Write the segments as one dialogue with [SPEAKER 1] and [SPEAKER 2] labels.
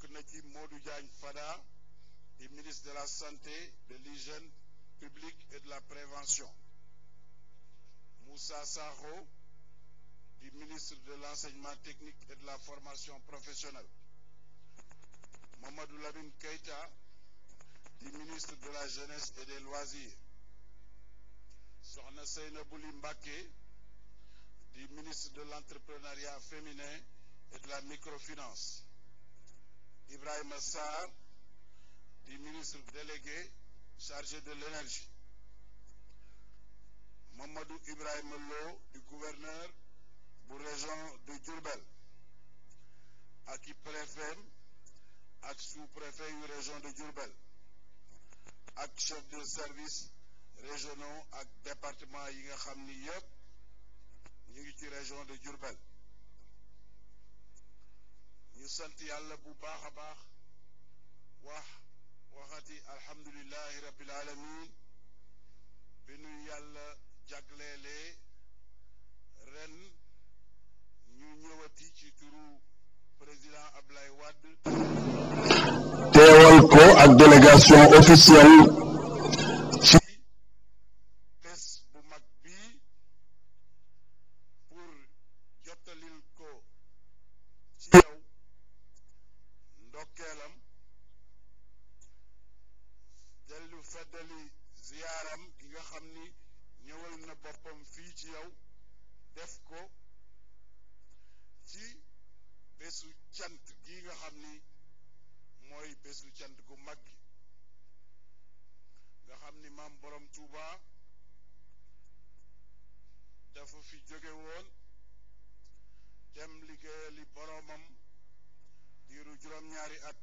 [SPEAKER 1] bokk Fada ministre de la santé de l'hygiène publique et de la prévention Moussa Sarro, du ministre de l'enseignement technique et de la formation professionnelle Mamadou Labine Keita, du ministre de la jeunesse et des loisirs Sorna Seyna Ly du ministre de l'entrepreneuriat féminin et de la microfinance Ibrahim Assar, du ministre délégué chargé de l'énergie. Mamadou Ibrahim Lo, du gouverneur la région de Djurbel. qui préfet, à sous-préfet la région de Djurbel. Aki chef de service régionaux à département yi nga région de Durbel. ñu sant yàlla bu baax a baax wax waxati alhamdulilahi rabbil alamin bi nu yàlla jagleelee ren ñu ñëwati ci
[SPEAKER 2] turu président Ablaye Wade teewal ko ak délégation officielle
[SPEAKER 1] gii gi nga xam ni mooy bésu cant gu mag gi nga xam ni maam boroom Touba dafa fi jóge woon dem liggéeyali boromam diiru juróom-ñaari at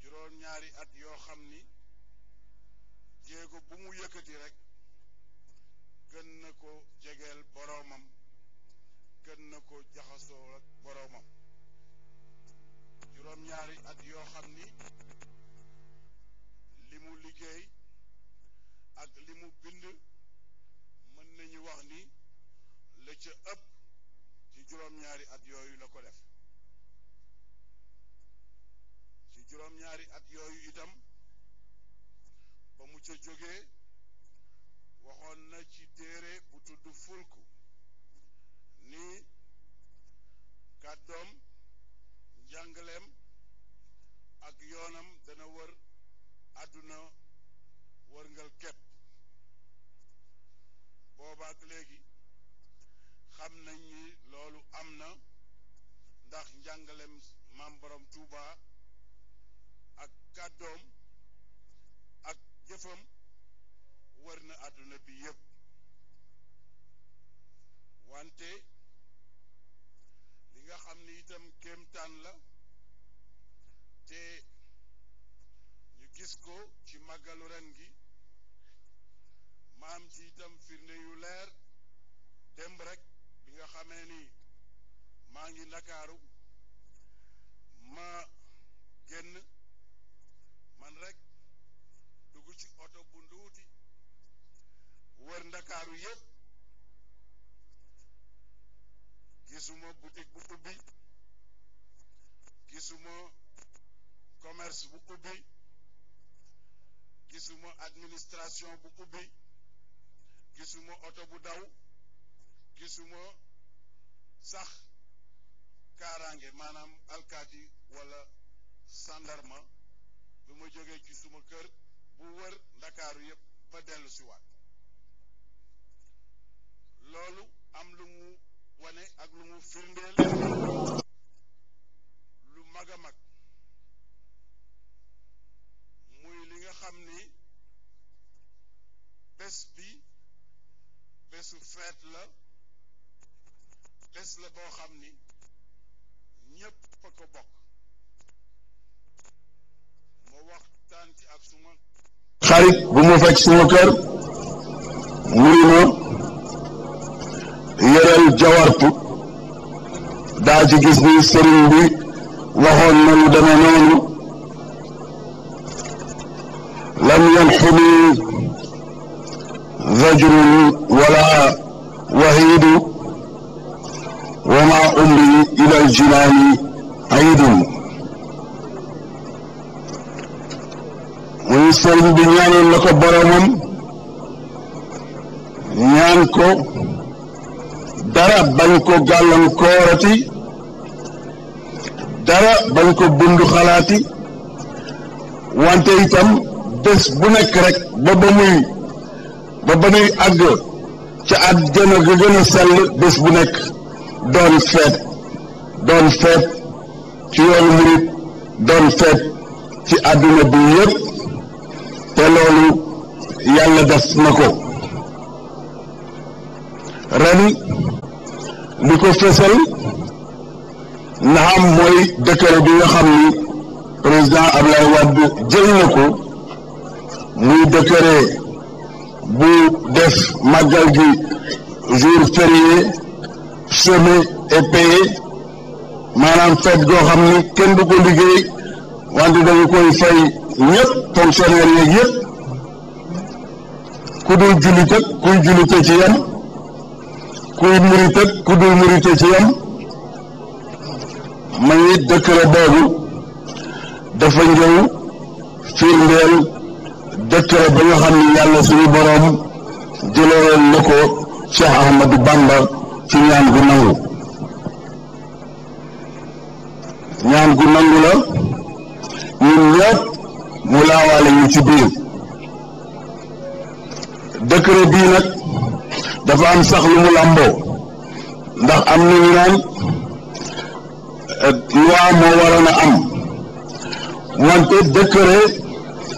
[SPEAKER 1] juróom-ñaari at yoo xam ni jéego bu mu yëkkati rek gën na ko jegeel boromam gën na ko jaxasoo ak boromam juróom-ñaari at yoo xam ni li liggéey ak li mu bind mën nañu wax ni la ca ëpp ci juróom-ñaari at yooyu la ko def ci juróom-ñaari at yooyu itam ba mu ca jógee waxoon na ci téere bu tudd fulku ni kàddoom njàngaleem ak yoonam dana wër àdduna wërngal képp boobaak léegi xam nañ ni loolu am na ndax njàngaleem maam borom Tuuba ak kàddoom ak jëfam wër na àdduna bi yëpp wante li nga xam ni itam kéemtaan la te ñu gis ko ci màggalu ren gi maam ci itam firnde yu leer démb rek bi nga xamee ni maa ngi Ndakaaru administration bu ubbi gisuma oto bu daw gisuma sax kaaraange maanaam alkaati wala sandarma bi ma ci suma kër bu wër ndakaaru yépp ba dellu waat loolu am lumu mu wane ak lu mu firndeel lu mag a mag feet la bés la boo xam ni ñépp a ko bokk
[SPEAKER 2] ma waxtaan ci ak suma xarit bu ma fekk suma kër muri ma
[SPEAKER 3] yoreel jawartu daa ci gis ni sëriñ bi waxoon na lu deme noonu sëriñ bi ñaanal na ko boromam ñaan ko dara bañ ko gàllankoorati dara bañ ko bundu xalaati wante itam bés bu nekk rek ba ba muy ba ca àjjana ga gën a sell bés bu nekk doon feet doon feet ci yoonu murit doon feet ci àdduna bi yëpp te loolu yàlla def na ko ren li ko fësal naam mooy décret bi nga xam ni président Ablaye Wade jël na ko muy décret bu def màggal gi jour férié chômé et maanaam fête goo xam ni kenn du ko liggéey wante dañu koy fay ñëpp fonctionnaire yeeg yëpp ku dul jullit ak kuy jullit ci yem kuy murit ku dul murit ci yem ma ngi décret boobu dafa ñëw firndeel décret ba nga xam ni yàlla suñu boroom jëloon na ko Cheikh Ahmadou Bamba ci ñaan gu nangu ñaan gu nangu ñun ñëpp mu laawaale ñu ci biir décret bii nag dafa am sax lu mu làmboo ndax am nañu naan euh, loi moo waroon a am wante décret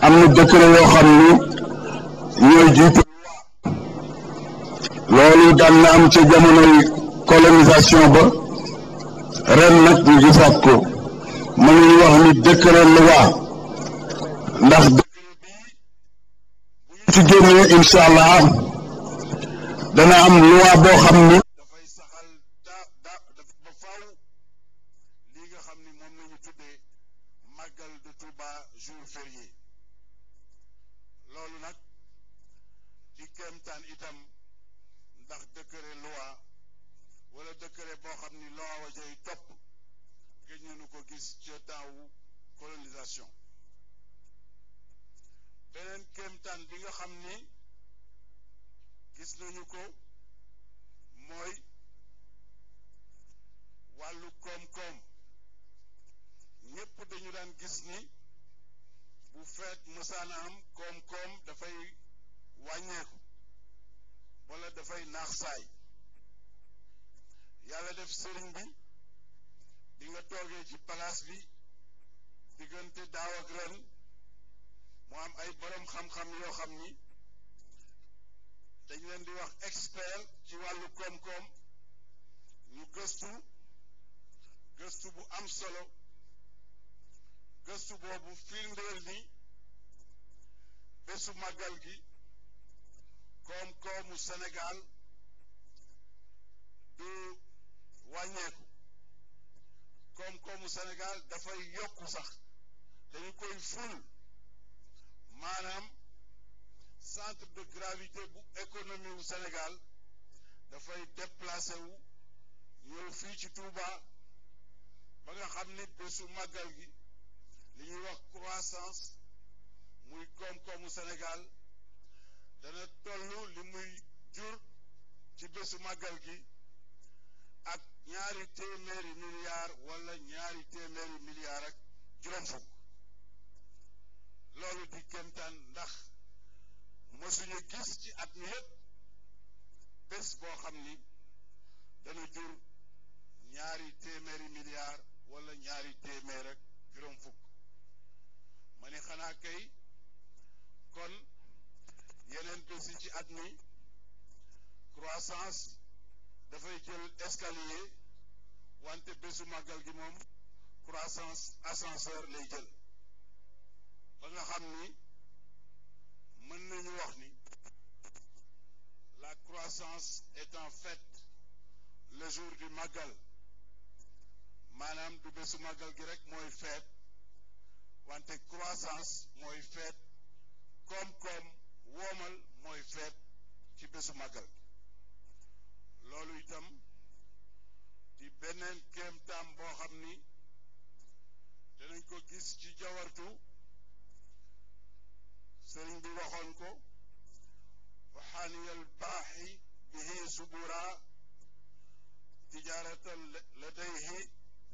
[SPEAKER 3] am na décret yoo xam ni ñooy jiitu loolu daan na am ci jamonoy colonisation ba ren nag ñu gisaat ko mën nañu wax ni décret loi ndax
[SPEAKER 2] dëgg bi ci génnee incha boo xam ni dafay saxal da ba nga xam ni moom la
[SPEAKER 1] ñu màggal de Touba jour férié loolu nag di kéemtaan itam ndax décret loi wala décret boo xam ni loi wa jay topp gëj ko gis ci temps wu beneen kéemtaan bi nga xam ni gis nañu ko mooy wàllu koom-koom ñépp dañu daan gis ni bu feet mësaana am koom-koom dafay wàññeeku wala dafay naax saay yàlla def sëriñ bi bi nga toogee ci palaas bi diggante daaw ak ren mu am ay borom xam-xam yoo xam ni dañ leen di wax expert ci wàllu koom-koom ñu gëstu gëstu bu am solo gëstu boobu firndeel ni bésu màggal gi koom-koomu Sénégal du wàññeeku koom-koomu Sénégal dafay yokku sax dañu koy ful manam centre de gravité bu économie au Sénégal fay déplacer wu yow fi ci Touba ba nga xam ni bésu màggal gi li ñuy wax croissance muy koom au Sénégal dana tollu li muy jur ci bésu magal gi ak ñaari téeméeri milliards wala ñaari téeméeri milliards ak juróom fukk lolu di kéemtaan ndax mosuñu gis ci at ñu yëpp bés boo xam ni dana jur ñaari téeméeri milliard wala ñaari téeméer ak juróom fukk ma ni xanaa kay kon yeneen bés ci at mi croissance dafay jël escalier wante bésu màggal gi moom croissance ascenseur lay jël ba nga xam ni mën nañu wax ni la croissance est en fait le jour du magal maanaam du bésu magal gi rek mooy feet wante croissance mooy feet koom-koom woomal mooy feet ci bésu màggal loolu itam di beneen kéemtaam boo xam ni danañ ko gis ci jawartu sëriñ bi waxoon ko waxaaniyal baaxi bihi subura tijaratan ladayhi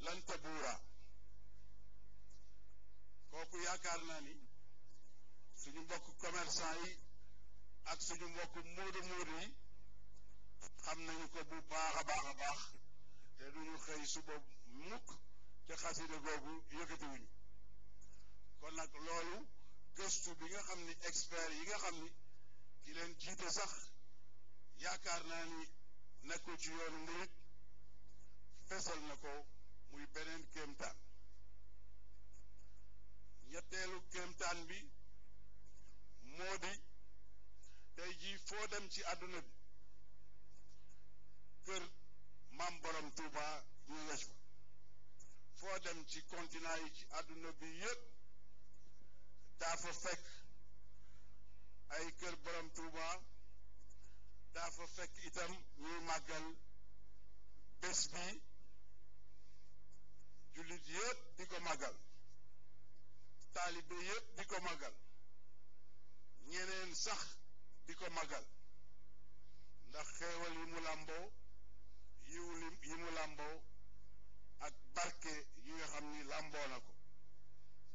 [SPEAKER 1] lan tabuura kooku yaakaar naa ni suñu mbokk commerçant yi ak suñu mbokk móodu móodu xam nañ ko bu baax a baax a baax te duñu xëy suba mukk te xasida googu yëkkatiwuñu kon nag loolu gëstu bi nga xam ni expert yi nga xam ni ki leen jiite sax yaakaar naa ni nekkul ci yoonu murit fesal na ko muy beneen kéemtaan ñetteelu kéemtaan bi moo di tey jii foo dem ci àdduna bi kër maam borom Touba ñu nga fa foo dem ci continent yi ci àdduna bi yëpp daa fa fekk ay kër borom Touba daa fa fekk itam ñuy màggal bés bi jullit yëpp di ko màggal taalibe yëpp di ko màggal ñeneen sax di ko màggal ndax xeewal yi mu làmboo yi mu làmboo ak barke yi nga xam ni làmboo na ko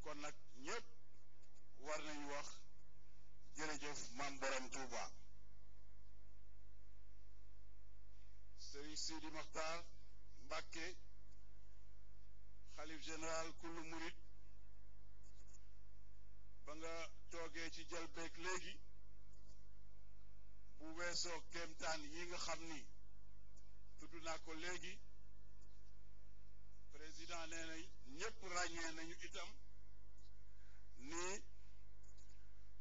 [SPEAKER 1] kon nag ñëpp war nañu wax jërëjëf maam borom Touba Serigne Sidi Mokhtar xalif général kullu murit ba nga toogee ci jalbeeg léegi bu weesoo kéemtaan yi nga xam ni tudd naa ko léegi président nee na ñëpp ràññee nañu itam ni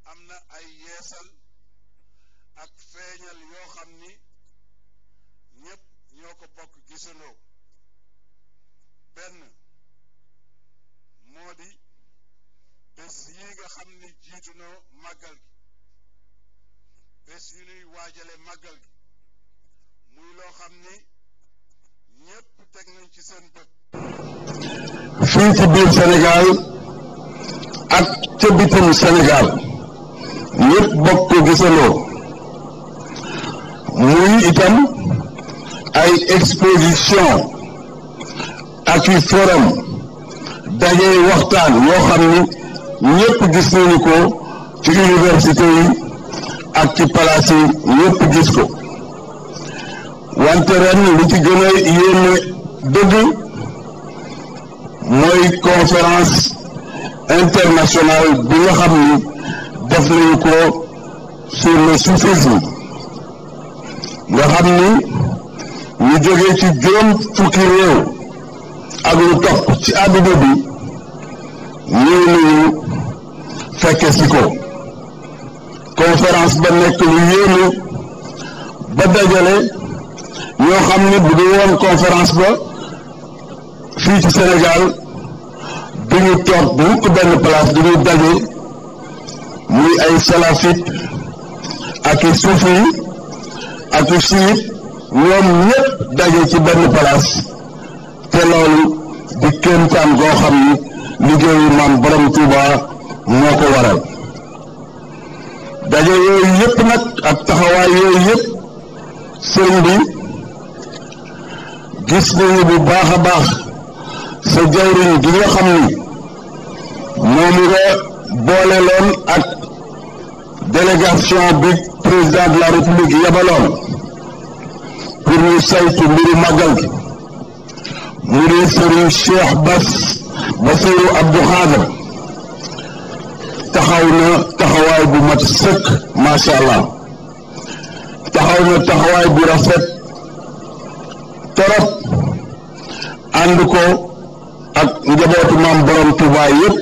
[SPEAKER 1] am na ay yeesal ak feeñal yoo xam ni ñépp ñoo ko bokk gisandoo benn moo di bés yi nga xam ni jiitu na màggal gi bés yu nuy waajale màggal gi
[SPEAKER 2] muy loo xam ni ñépp teg nañ ci seen bët fii ci biir Sénégal ak ca bitim Sénégal
[SPEAKER 3] ñëpp bokk ko muy itam ay exposition ak i forum daje waxtaan yoo xam ni ñëpp gis nañu ko ci université yi ak ci palaas yi ñëpp gis ko wante ren lu ci gën a yéeme dëgg mooy conférence internationale bi nga xam ni def nañu ko sur le soufisme nga xam ni ñu jógee ci juróom fukki réew ak lu topp ci àdduna bi ñëw nañu fekke si ko conférence ba nekk lu yéeme ba dajale ñoo xam ni bu dul woon conférence ba fii ci Sénégal du ñu toog bu benn place du ñu daje muy ay salafit ak i sufi ak i siit ñoom ñëpp daje ci benn place te loolu di kéemtaan goo xam ni liggéeyu maam borom Touba moo ko waral daje yooyu yëpp nag ak taxawaay yooyu yëpp sëriñ bi gis nañu bu baax a baax sa jawriñ gi nga xam ni moom nga boole loon ak délégation bi président la république yabaloon pour ñu saytu mbiru màggal gi mu di sëriñ Cheikh Bass Bassirou Abdou taxawaay bu mat sëkk macha allah taxaw na taxawaay bu rafet torop ànd ko ak njabootu maam borom Tuubaa yëpp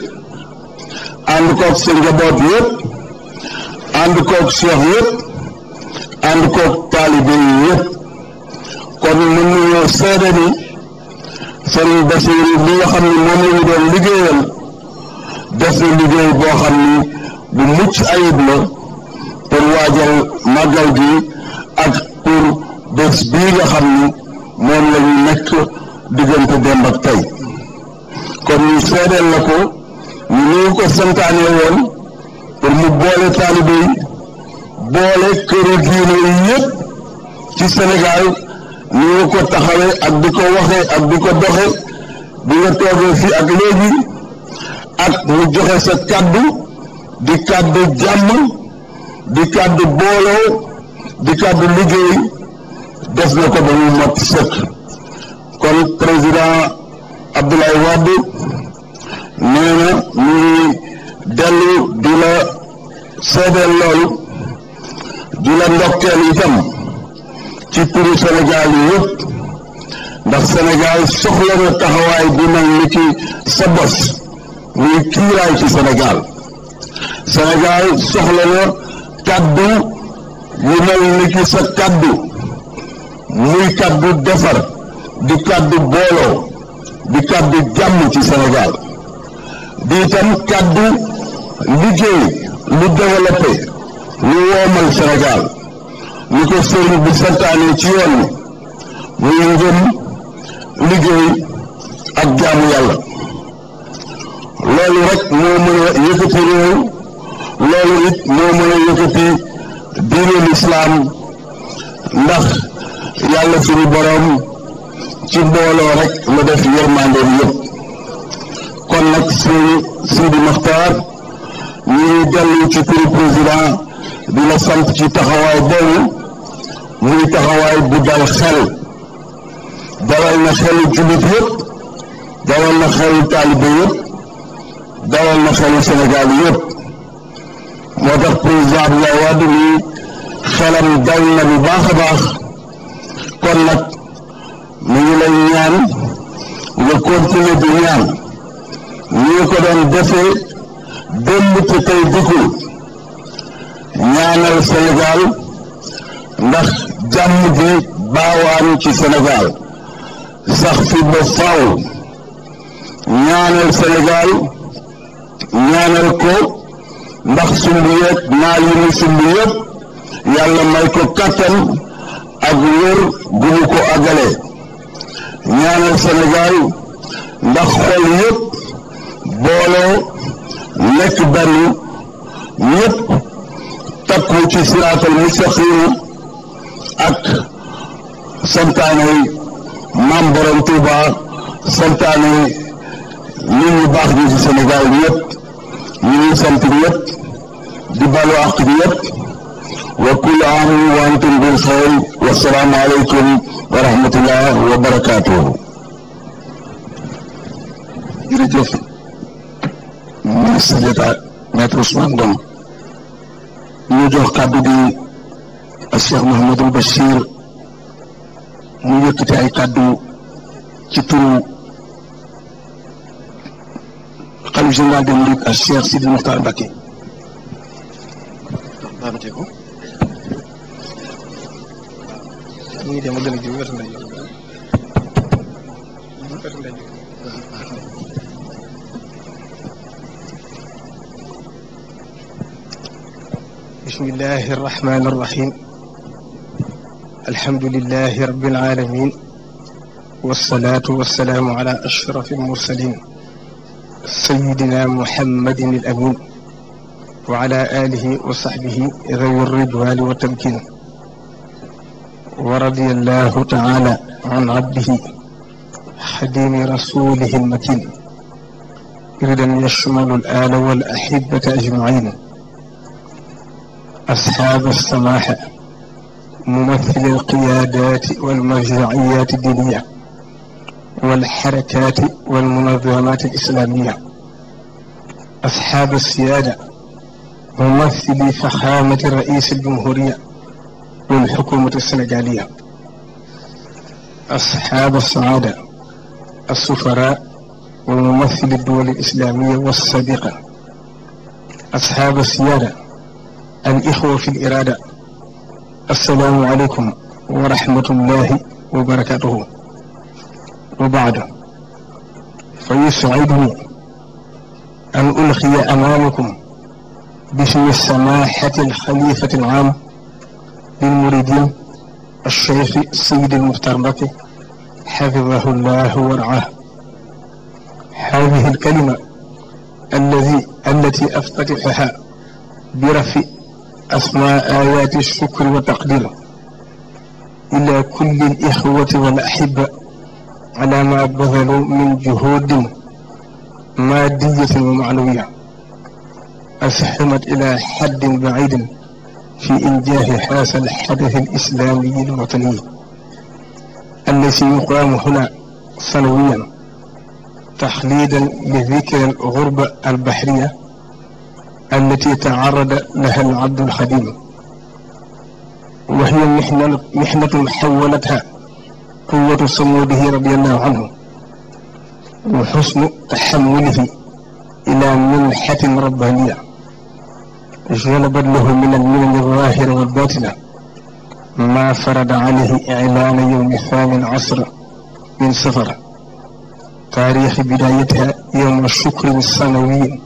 [SPEAKER 3] ànd ko ak sa njaboot yëpp ànd koog seex yëpp ànd koog taalibe yi yëpp kon mën nañoo seede ni sëriñ bi nga xam ne moom la ñu doon liggéeyal def liggéey boo xam ni bu mucc ayib la pour waajal màggal gi ak pour bés bii nga xam ni moom la ñu nekk diggante démb ak tey kon ñu seedeel la ko ñu ngi ko santaane woon. pour mu boole taalibe yi boole këru diine yi yëpp ci Sénégal ni nga ko taxawee ak di ko waxee ak di ko doxe bi nga toogee fii ak léegi ak mu joxe sa kàddu di kàddu jàmm di kàddu booloo di kàddu liggéey def na ko ba mat sëkk kon président Abdoulaye Wade nee na dellu di la seedeel loolu di ndokkeel itam ci turu senegaal yi yëpp ndax Sénégal soxla na taxawaay bu mel ni ci sa bos muy kiiraay ci Sénégal Sénégal soxla na kàddu yu mel ni ci sa kàddu muy kàddu defar di kàddu booloo di kàddu jàmm ci Sénégal di itam kàddu liggéey lu développé lu woomal Sénégal ni ko sëriñ bi santaane ci yoon muy ngëm liggéey ak jaamu yàlla loolu rek moo mën a yëkkati réew loolu it moo mën a yëkkati diine lislaam ndax yàlla suñu boroom ci mbooloo rek la def yërmandeem yëpp kon nag suñu Sidi Maxtaar ñu ngi dellu ci turu président di la sant ci taxawaay boobu muy taxawaay bi dal xel dalal na xelu jullit yëpp dalal na xelu taalibe yëpp dalal na xelu Sénégal yëpp moo tax président Abdoulaye Wade ni xelam dal na bu baax a baax kon nag mu ngi lay ñaan nga continuer di ñaan démb ko tey dikkul ñaanal Sénégal ndax jàmm bi baawaan ci Sénégal sax fi ba faaw ñaanal Sénégal ñaanal ko ndax sumb yëpp naal yi sumb yëpp yàlla may ko kattan ak wér gu mu ko àggale ñaanal Sénégal ndax xol yëpp booloo nekk ñëpp takku ci siraatal mustaqim ak santaane maam borom Tuuba santaane nit ñu baax ñi ci Sénégal ñëpp ñu ngi sant ñëpp di balu àq ñëpp wa kullu aamin wa antum bil xayr wa salaamu aleykum wa rahmatullah wa barakaatuhu jërëjëf ministre de l'État maître Ousmane Ngom ñu jox kàddu gi Cheikh Mouhamadou Bachir mu yëkkati ay kàddu ci turu xalif général des Mourides ak Cheikh Sidi Mokhtar Mbacké
[SPEAKER 4] dem a بسم الله الرحمن الرحيم الحمد لله رب العالمين والصلاة والسلام على أشرف المرسلين سيدنا محمد الأمين وعلى آله وصحبه غير الرضوان والتمكين ورضي الله تعالى عن عبده حديم رسوله المتين إذا يشمل الآل والأحبة أجمعين أصحاب الصلاح ممثل القيادات والمرجعيات الدينية والحركات والمنظمات الإسلامية أصحاب السيادة ممثلي فخامة رئيس الجمهورية والحكومة السنغالية أصحاب السعادة السفراء وممثل الدول الإسلامية والسابقة أصحاب السيادة الإخوة في الإرادة السلام عليكم ورحمة الله وبركاته وبعد فيسعدني أن ألقي أمامكم باسم سماحة الخليفة العام للمريدين الشيخ السيد المختار بكي حفظه الله ورعاه هذه الكلمة الذي التي أفتتحها برفق أسماء آيات الشكر والتقدير إلى كل الإخوة والأحبة على ما بذلوا من جهود مادية ومعنوية أسهمت إلى حد بعيد في إنجاح هذا الحدث الإسلامي الوطني الذي يقام هنا سنويا تحديدا لذكر الغربة البحرية التي تعرض لها العبد الخديم وهي محنة, محنة حولتها قوة صموده رضي الله عنه وحسن تحمله إلى منحة ربانية جلبت له من المنن الظاهرة والباطنة ما فرض عليه إعلان يوم الثامن عصر من سفر تاريخ بدايتها يوم الشكر السنوي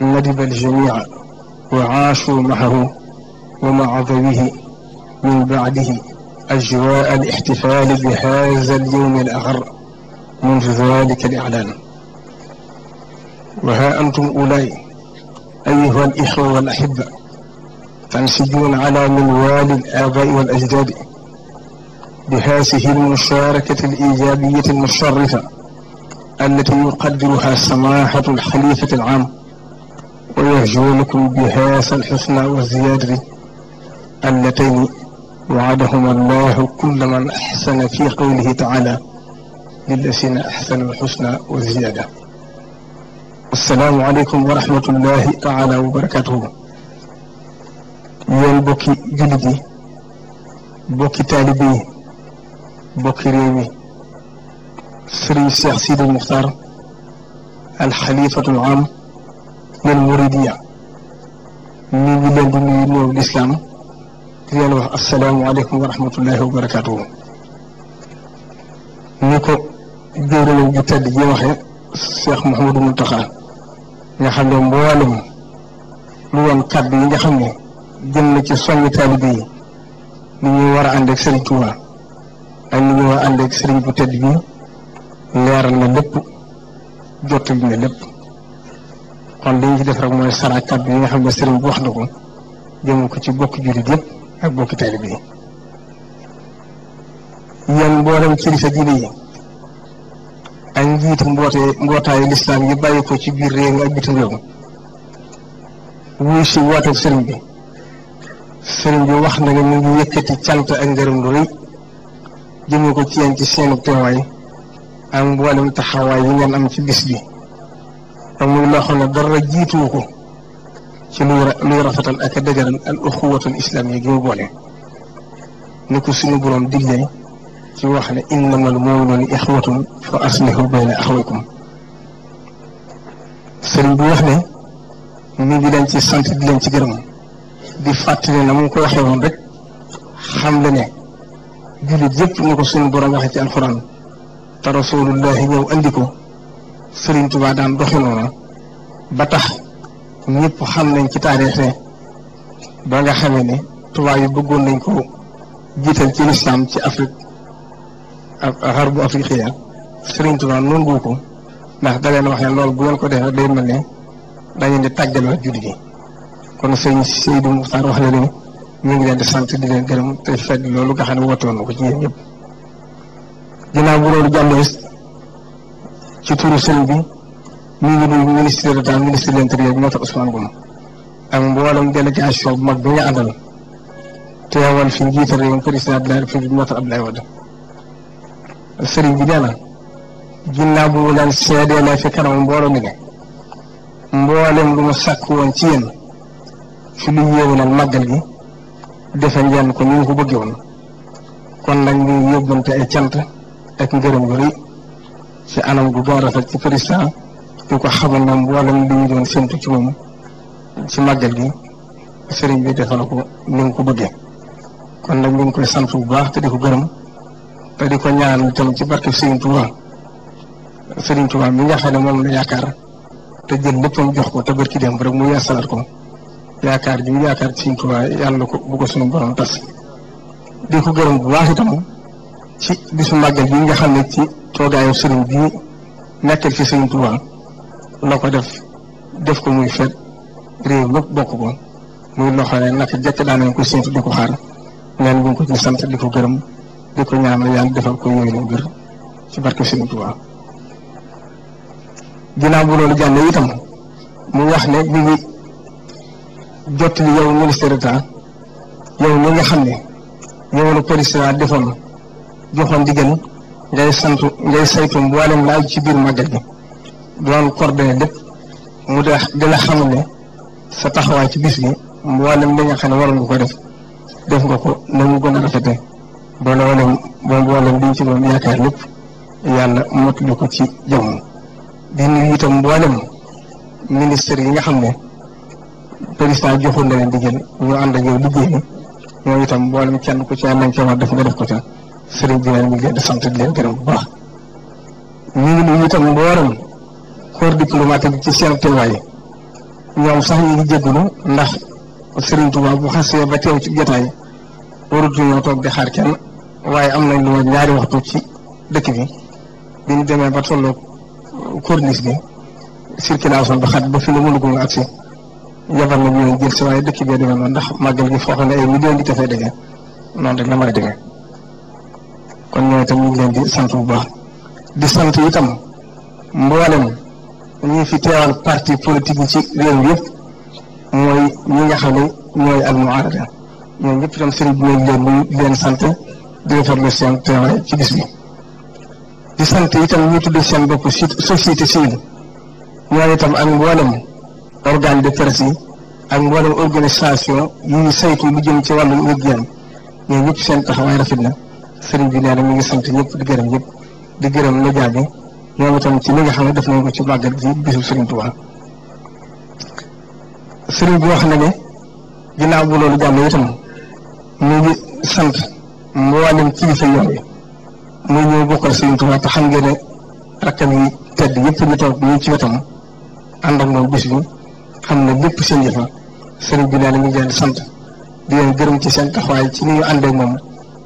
[SPEAKER 4] ندب الجميع وعاشوا معه ومع ذويه من بعده أجواء الاحتفال بهذا اليوم الأغر منذ ذلك الإعلان وها أنتم أولي أيها الإخوة والأحبة تنسجون على منوال الآباء والأجداد بهذه المشاركة الإيجابية المشرفة التي يقدرها سماحة الخليفة العام ويهجونكم بها الحسنى والزيادة اللتين وعدهما الله كل من أحسن في قوله تعالى للذين أحسنوا الحسنى والزيادة السلام عليكم ورحمة الله تعالى وبركاته يا bokki جلدي بوكي تالبي بوكي yi سري سيدي المختار الحليفة العام wal muridiya ñu ngi di nuyu nuyoo lislaam di leen wax asalaamaaleykum wa rahmatullahi wa barakaatuhu ni ko jëwriñam ju tedd ji waxee Cheikh Mouhamadou Mountakha nga xam ne mboolem lu woon kàddu yi nga xam ne jëm na ci soññi taalibe yi ni ñuy war a ànd ak Serigne Touba ak ni ñuy war a bu tedd bi leeral na lépp jottali na lépp. kon li ñu def rek mooy sara kàddu yi nga xam ne sëriñ bi wax na ko ko ci bokki jullit yëpp ak bokki taalibe yi yéen mboolem kilifa diine yi ak njiitu mboote mbootaayu lislaam yi bàyyi ko ci biir ak bitim réew wuy si wooteeb sëriñ wax na ne mu ak ngërëm lu rëy ko ci yéen ci mboolem taxawaay yi ngeen am ci bis bi te muy loo xam ne dara jiituwu ko ci luy luy rafetal ak a dëgëral al uxuwatul islam yi gi mu boole ni ko suñu boroom digle ci wax ne innamal muminuuna ixwatun fa aslihu bayna axwaykum sëriñ bi wax ne ñu ngi leen ci sant di leen ci gërëm di fàttali na mu ngi ko waxee woon rek xam le ne jullit yëpp ni ko suñu boroom waxee ci alxuraan te rasulullahi ñëw andi ko Sëriñ tubaa daan doxe noonu ba tax ñëpp xam nañ ci taarix ba nga xamee ni tubaa yu bëggoon nañ ko jiital ci lislaam ci Afrique ak xarbu afriqiya Sëriñ Tuubaa nangu ko ndax da leen wax ne loolu bu ngeen ko defee day mel ne da di tàggaloo juddi gi kon sëñ Seydou Moukhtar wax na leen ñu ngi leen di sant di leen gërëm te fekk loolu nga xam ne woote woon ko ci ñeen ñëpp bu loolu jàllee ci turu sëriñ bi mi ngi nuyu ministre d'État ministre de l'Intérieur moo tax Ousmane Ngom ak mboolem délégation bu mag bi nga àndal teewal fi njiital réewum président de la République moo tax Abdoulaye Wade sëriñ bi nee na ginnaaw bu mu daan seedee la fi kanam mbooloo mi ne mboolem lu mu sàkk woon ci yéen fi lu yéewu nag màggal gi defe ngeen ko ni mu ko bëggee woon kon nag ñu yóbbante ay cant ak ngërëm yu rëy ci anam gu gën a rafet ci président ñu ko xamal ne mboolem li ñu doon séntu ci moom ci màggal gi sëriñ bi defal ko ni mu ko bëggee kon nag ñu ngi koy sant bu baax te di ko gërëm te di ko ñaan tam ci barke Sëriñ Tuubaa Sëriñ Tuubaa mi nga a ne moom la yaakaar te jël léppam jox ko te barki dem rek mu yeesalaat ko yaakaar ji mu yaakaar Sëriñ Tuubaa yàlla ko bu ko sunu borom tas di ko gërëm bu baax itam ci bisu màggal bi nga xam ne ci toogaayu sëriñ bi nekkal ci sëriñ Tuubaa la ko def def ko muy fet réew mépp bokk ko muy loxo ne naka jekk daan nañ ko séntu di ko xaar neen bu ko sant di ko gërëm di ko ñaanal defal ko yooyu lu gër ci barke sëriñ Tuubaa ginnaaw bu loolu jàllee itam mu wax ne mi ngi jot li yow ministère d'état yow mi nga xam ne yow la président defoon joxoon digal ngay sant ngay saytu mboolem laaj ci biir màggal bi doon coordonné lépp mu de a xamul ne sa taxawaay ci bis bi mboolem li nga xam ne waroon ko def def nga ko na mu gën a rafetee ba loolee ba mboolem liñ ci motuñu ko ci jàmm. di nuyu itam mboolem yi nga xam ne président joxoon na leen digal ñu ànd ak yow liggéey bi ñoom itam mboolem kenn ku ci ànd ca war def nga def ko ca. sëriñ bi neen mi ngi leen di sant di leen gërëm bu baax ñu ngi nuyu itam mbooram corps diplomatique bi ci seen teewaay ñoom sax ñu ngi jégalu ndax sëriñ Tuubaa bu xasee ba teew ci jotaay waratu ñoo toog di xaar waaye am nañ lu ma ñaari waxtu ci dëkk bi bi ñu demee ba tolloo corniche bi circulation bi xat ba fi la mënu ko nga agsi jabar na ñu jël si waaye dëkk bee demee noonu ndax màggal gi foo xam ne ay millions di tafee dëgg noonu rek la mën a demee ñoom itam ñu leen di sant bu baax di sant itam mboolem ñi fi teewal parti politique yi ci réew yëpp mooy ñi nga xam ne ñooy almuarada ñoom ñëpp itam sëriñ di leen sant di rafetlu seen teewaay di sant itam ñu tudd seen bopp société civile ñooñu itam ak mboolem organe de presse jëm ci wàllu wér-gu-yaram ñëpp seen taxawaay rafet na. sëriñ bi nee na mi ngi sant ñëpp di gërëm ñëpp di gërëm la jaabi ñoom itam ci li nga xam ne def nañ ko ci màggal gi bisu sëriñ Tuubaa sëriñ bi wax na ne ginnaaw bu loolu jàll itam mi ngi sant mboolem kilifa yoon yi muy ñëw bokkal sëriñ Tuubaa te xam ngeen ne yi tedd yëpp ñu toog ci wetam ànd ak moom bis bi xam ne lépp seen yëfa sëriñ bi nee na mi ngi leen sant di leen ci seen taxawaay ci ñu àndee moom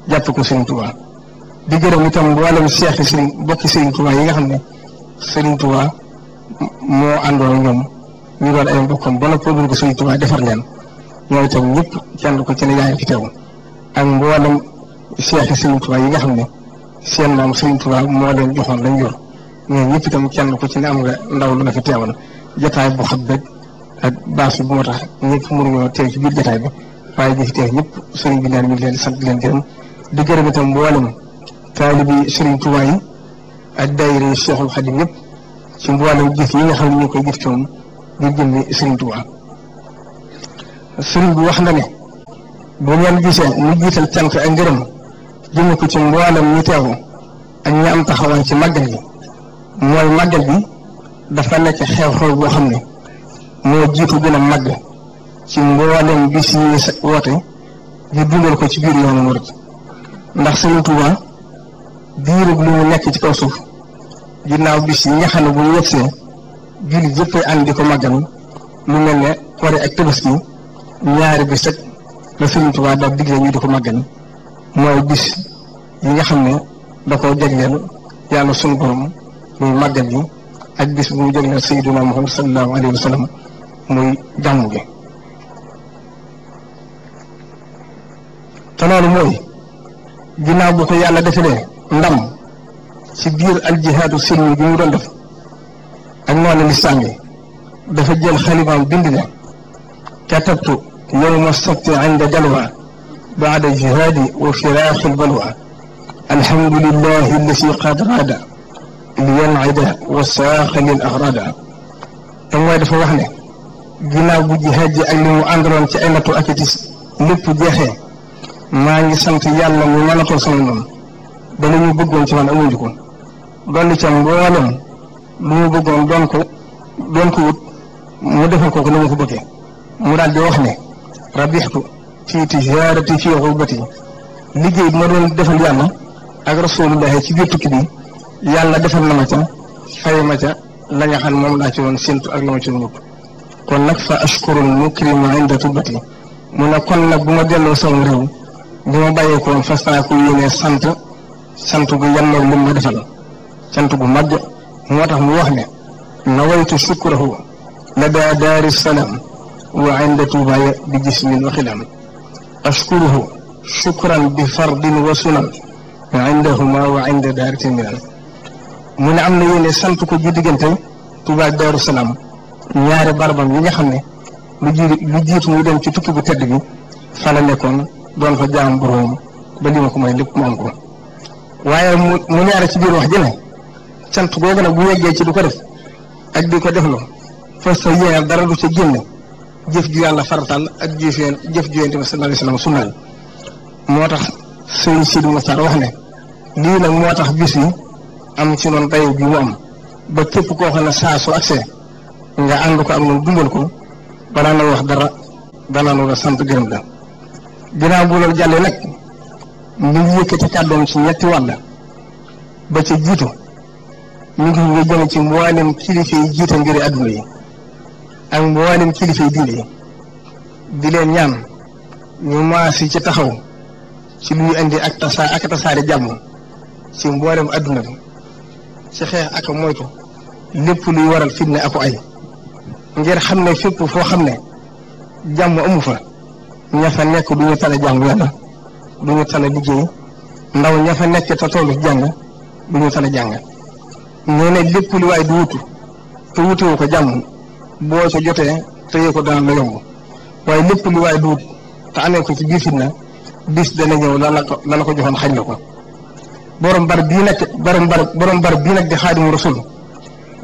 [SPEAKER 4] jàpp ko Serigne Touba di gërëm itam mboolem seexi Serigne bokki Serigne Touba yi nga xam ne Serigne Touba moo àndoon ñoom ñu doon ay mbokkam ba noppal ko Serigne Touba defar leen ñoom itam ñëpp kenn ko ci ne yaa ngi fi teew ak mboolem seexi Serigne Touba yi nga xam ne seen maam Serigne Touba moo leen joxoon lañ yor ñoom ñëpp tam kenn ko ci ne am nga ndaw lu la fi teewal jotaay bu xat beeg ak baas bi moo tax ñëpp mënuñoo teew ci biir jotaay bi waaye ñi fi teew ñëpp Serigne bi naan ñu leen sant leen gërëm. دكرمة موالم طالبي شرين تواي الدائرة الشيخ الخادم يب شموالم جيث لنا خلوني يوكي جيثكم جيثكم شرين تواي سرين بوحنا لي بوليان جيسا نجيث التنف انجرم جنك شموالم نتاهو أن يام تخوان شمجل موال مجل بي دفنة خير خير بوحنا موجيكو بنا مجل شموالم بيسي واتي يبولو الكوشبير يوم مرد ndax Sëriñ Tuubaa diirub mu nekk ci kaw suuf ginnaaw bis yi nga xam ne bu ñu yegsee julli yëpp ànd di ko màggal lu mel ne Korite ak Tabaski ñaari bis rek la Sëriñ Tuubaa daal digle ñu di ko màggal mooy bis yi nga xam ne da koo jagleel yàlla sunu borom muy màggal gi ak bis bu mu jagleel Sayyiduna Muhammad sallallahu alayhi wa sallam muy gàmmu gi te loolu mooy. ginaaw bu ko yàlla defalee ndam ci biir aljihaadu silmi bi mu doon def ak noonu lislaam yi dafa jël xalimaam bind ne katabtu ma sabti inda dalwa baada jihaadi wa firaaxi lbalwa الحمد لله الذي قد راد لينعد وساق للأغراد الله دفع وحنا mu جهاد ci ay natu أكتس lépp جهاد maa ngi sant yàlla mu mënatal sama noonu ba lu ñu bëggoon ci man amuñu ko dolli ci am mboolem lu mu bëggoon doon ko doon ko wut mu defal ko ko ni mu ko bëggee mu daal di wax ne rabixtu ti tijaarati fii xulbati liggéey bi ma doon defal yàlla ak rasulullahi ci biir tukki bi yàlla defal na ma ca fay ma ca la nga moom laa ci woon séntu ak la ma ci woon kon nag fa ashkurul mukrima inda tubbati mu na kon nag bu ma delloo sama réew bu ma bàyyeekoon fas naa ko yéenee sant sant gu yàlla lim ma defal sant gu màgg moo tax mu wax ne na nawaytu sukkurahu la daa daari salaam wa inda tuubaaya bi jismin wa xilaam ashkuruhu shukran bi fardin wa sunan ma wa inda daari terminal mu ne am na yéene sant ko ju diggante Tuubaa Daaru Salaam ñaari barabam yi nga xam ne lu jiitu lu jiitu mu dem ci tukki bu tedd bi fa la nekkoon doon fa jaam boroom ba li ko may lépp mu am ko waaye mu mu a ci biir wax ji ne cant googu nag bu yeggee ci du ko def ak di ko defloo fas sa yéene dara du ca génn jëf ju yàlla faratal ak jëf yéen jëf ju yonent bi sallallahu alayhi tax sëñ Sidi wax ne lii nag moo tax bis yi am ci noonu dayu bi ba képp koo xam ne saa su accès nga ànd ko am noonu dundal ko balaa na wax dara danaa nu la sant gërëm la ginnaaw bu loolu jàllee nag mu ngi yëkkati kàddoom ci ñetti wàll ba ci jiitu mu ngi nga jëm ci mboolem kilifa yi jiite ngir adduna yi ak mboolem kilifa yi yi di leen ñaan ñu maasi ci taxaw ci luy indi ak tasaare jàmm ci mboolem adduna bi ci xeex ak moytu lépp luy waral fitna ak ay ngir xam ne fépp foo xam ne jàmm amu fa. ña fa nekk du ñu tane jàng yàlla du ñu tane liggéey ndaw ña fa nekk te jàng du ñu tane jàng nee na lépp li waaye du wutu te wutewu ko jàmm boo ca jotee te yee ko daan la yomb waaye lépp li waaye du wut te amee ko si gisit na bis dana ñëw la la ko la la ko joxoon xañ la ko borom bar bii nag borom bar borom bii nag di xaadimu rasul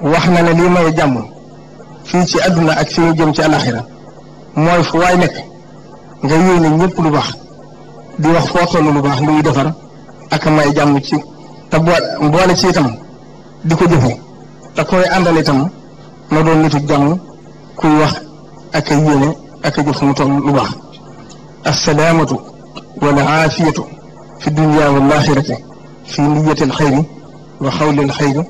[SPEAKER 4] wax na ne lii may jàmm fii ci àdduna ak si ñu jëm ci alaxira mooy fu waay nekk nga yéene ñëpp lu baax di wax foo toll lu baax luy defar ak may jàmm ci te boo boole ci itam di ko jëfe te koy àndal itam na doon nitu jàmm kuy wax ak a yéene ak a toll lu baax assalaamatu wal aafiyatu fi dunya wal axirati fi niyati al xayri wa xawli al xayri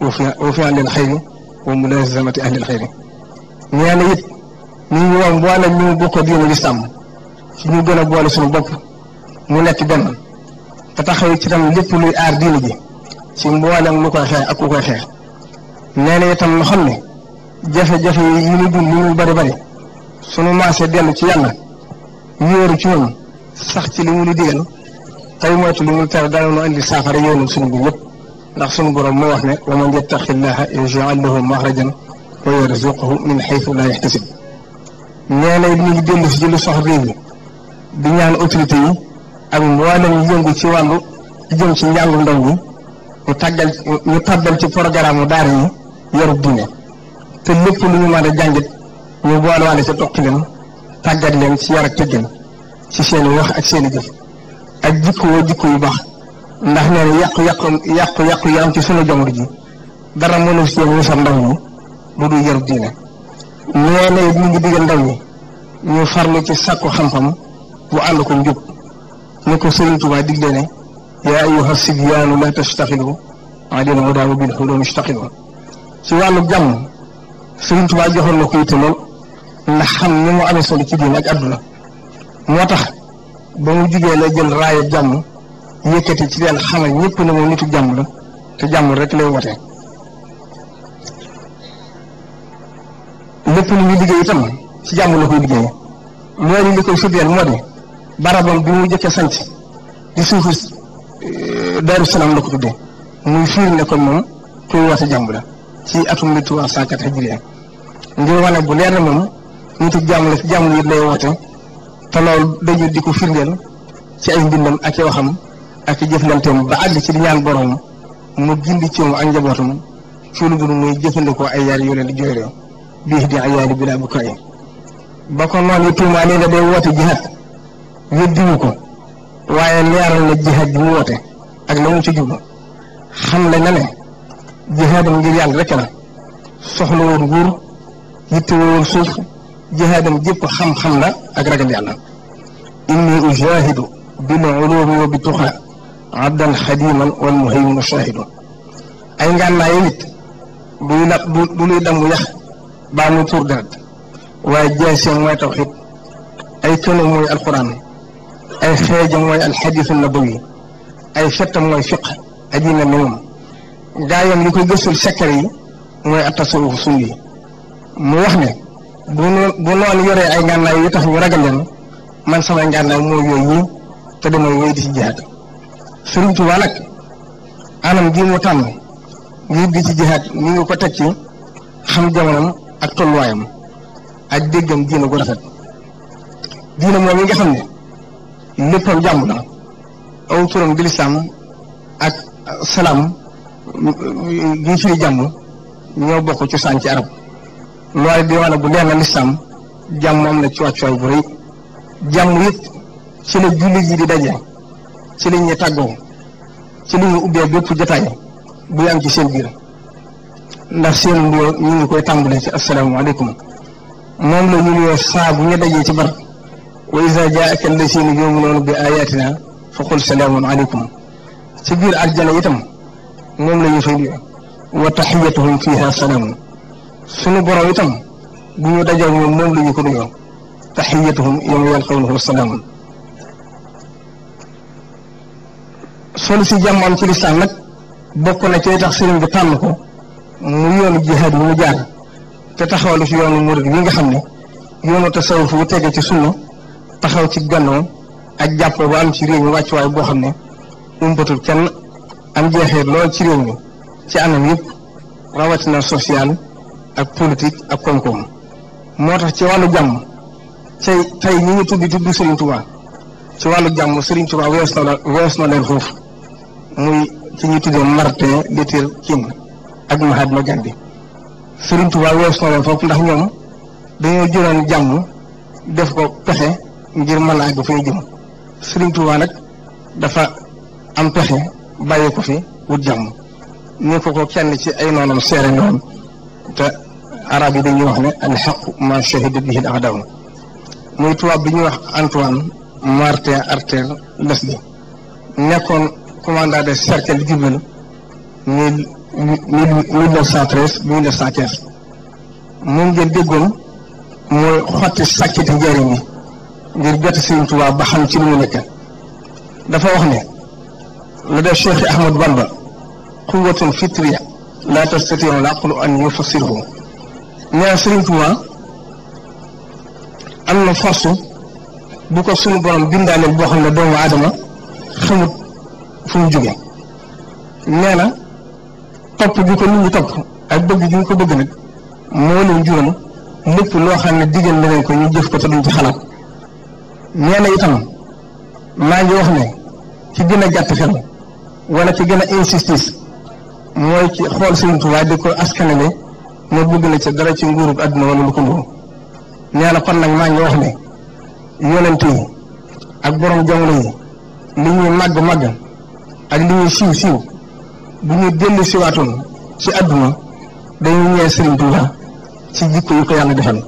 [SPEAKER 4] wa fi'li al xayri wa mulazamati ahli al xayri ñaane it ñu ngi wax mboolem ñu bokk suñu gën a boole suñu bopp mu nekk benn te taxaw ci tam lépp luy aar diine ji ci mboolem lu koy xeex ak ku koy xeex nee na itam na xam ne jafe-jafe yi ñu dund li ñu bari bari suñu maasee dellu ci yàlla wéeru ci ñoom sax ci li mu nu digal tey moytu li mu tere dana nu andi saafara yoonu suñu bu yëpp ndax suñu borom moo wax ne wa man yattaqillaha yaj'al lahu maxrajan wa yarzuqhu min xaytu laa yaxtasib nee na ñu ngi dellu si ci lu soxla réew mi di ñaan autorité yi ak mboolem ñu yëngu ci wàllu jëm ci njàngu ndaw ñi ñu tàggal ñu tàbbal ci programme daar daara yi yor diine te lépp lu ñu mën a jàngit ñu boole waale ci toq leen tàggat leen ci yar ak teggin ci seen wax ak seen a jëf ak jikko woo jikko yu baax ndax nee na yàqu yàqu yàqu yàqu yi ci sunu jamono ji dara mënu si yéen musal ndaw ñi lu dul yor diine nee na it mu ngi digal ndaw ñi ñu farlu ci sàkku xam mu ànd ko njub ne ko Sëriñ Tuubaa digle ne yaa ayyuha sibyaanu la tastaxilu alil hudaa wa bil ulumi istaxilu ci wàllu jàmm Sëriñ Tuubaa joxoon na ko yitte lool ndax xam ni mu amee solo ci diin ak àdduna moo tax ba mu jugee la jël raaya jàmm yëkkati ci leen xamal ñëpp ne moom nitu jàmm la te jàmm rek lay wote lépp lu ñu liggéey itam ci jàmm la koy liggéey loolu li koy firndeel moo di barabam bi mu jëkkee sanc di suufu eh, Daaru Salaam la ko tuddee muy fiir ne kon moom kuy woote jàmm la ci atum mille trois cent quatre hijriya ngir wane bu leer na moom nitu jàmm la ci jàmm yi lay woote te di ko firndeel ci ay mbindam ak i waxam ak i jëflanteem ba àgg ci di ñaan borom mu gindi ci moom ak njabootam ci lu dul muy jëfandikoo ay yaar yoo leen di jooyloo bii di ay yaari bi bu ko ba kon noonu tuumaa nee day woote jihaat weddiwu ko waaye leeral na jihaad bi mu woote ak la mu ci jublu xam le na ne jihaadam ngir yàlla rek la soxlawul nguur yittewul suuf jihaadam jëpp xam-xam la ak ragal yàlla inni ujahidu bil ulumi wa bi tuxa abdan xadiman wal muhaymin shahidu ay ngànnaay nit duy la du du luy damu yax baa muy tuur deret waaye jaasiyam mooy tawxid ay keno mooy alquran ay xeejam mooy alxadiis nabawi ay fettam mooy fiq ajina minum gaayam li koy gëstul sekkar yi mooy atasawuf sunni mu wax ne bu bu noonu yoree ay ngànnaay yu tax ñu ragal man samay ngànnaay mooy yooyu te damay wéy di ci jihaat Sëriñ Tuubaa nag anam gi mu tànn ngir di ci jihaat ñu ngi ko teg ci xam jamonam ak tolluwaayam ak déggam diina gu rafet diina moom yi nga xam ne léppam jàmm la aw turam di ak salaam gi firi jàmm ñoo bokk cosaan ci arab loolu di wane bu leen na lislaam jàmm am na ci bu rëy jàmm yëpp ci la jullit yi di daje ci la ñuy tàggoo ci la ñuy ubbee bépp jotaay buy am ci seen biir ndax seen nuyoo ñu ngi koy tàmbalee ci asalaamaaleykum moom la ñu nuyoo saa bu ñu dajee ci bar wa isa jaaka allasina yuminoon bi ayatina fa qul salaamun aleykum ci biir aljana itam moom la ñu fay wa taxiyatuhum fiha salaamun sunu borom itam bu ñu dajeeg ñoom moom la ñu ko nuyoo taxiyatuhum yawma yalqawnahu salaamun solu si jàmm am ci lisaan nag bokk na ci tax sëriñ bi tànn ko mu yoonu jihaad yi mu jaar te taxawalu ci yoonu murid yi nga xam ne yoonu tasawuf wu tege ci sunna taxaw ci gannaaw ak jàpp ba am ci réew mi wàccuwaay boo xam ne umpatul kenn am jeexee lool ci réew mi ci anam yëpp rawatina social ak politique ak koom moo tax ci wàllu jàmm tey tey ci wàllu jàmm Serigne Touba wees na wees na leen foofu muy ci ñuy tuddee Martin Luther King ak Mahatma Gandhi Serigne Touba wees na leen foofu ndax ñoom dañoo jëloon jàmm def ko pexe. ngir mën a àgg fu jëm Sëriñ Tuubaa nag dafa am pexe bàyyi ko fi wut jàmm ni ko ko kenn ci ay noonam seere noonu te arab yi dañuy wax ne al xaqu ma shahida bihi al a'daa muy tubaab bi ñuy wax Antoine Martin Arthur Leslie nekkoon commandant de cercle Jurbel mille mille neuf cent treize mille neuf cent quinze moom ngeen déggoon mooy xotti sàkkiti njëriñ mi ngir jot Sëriñ Tuubaa ba xam ci li mu nekk dafa wax ne la def Cheikh Ahmad Bamba quwwatun fitriya la tastati'u al-aqlu an yufassirahu ñaar Sëriñ Tuubaa am na force bu ko sunu borom bindaaneel boo xam ne doomu aadama xamut fu mu jóge nee na topp gi ko nit ñi topp ak bëgg gi ñu ko bëgg nag moo leen jural lépp loo xam ne digal na leen ko ñu jëf ko te duñ ci xalaat nee na itam maa ngi wax ne ci gën a jàtt xel wala ci gën a insistance mooy ci xool Sëriñ Tuubaa di ko askanale moo bëgg na ci dara ci nguurub àdduna wala lu ko nguur nee na nag maa ngi wax ne yonent ak borom jamono yi li ñuy màgg màgg ak li ñuy siiw siiw bu ñu dellu siwaatoon ci àdduna dañuy ñëwee Sëriñ Tuubaa ci jikko yu ko yàlla defal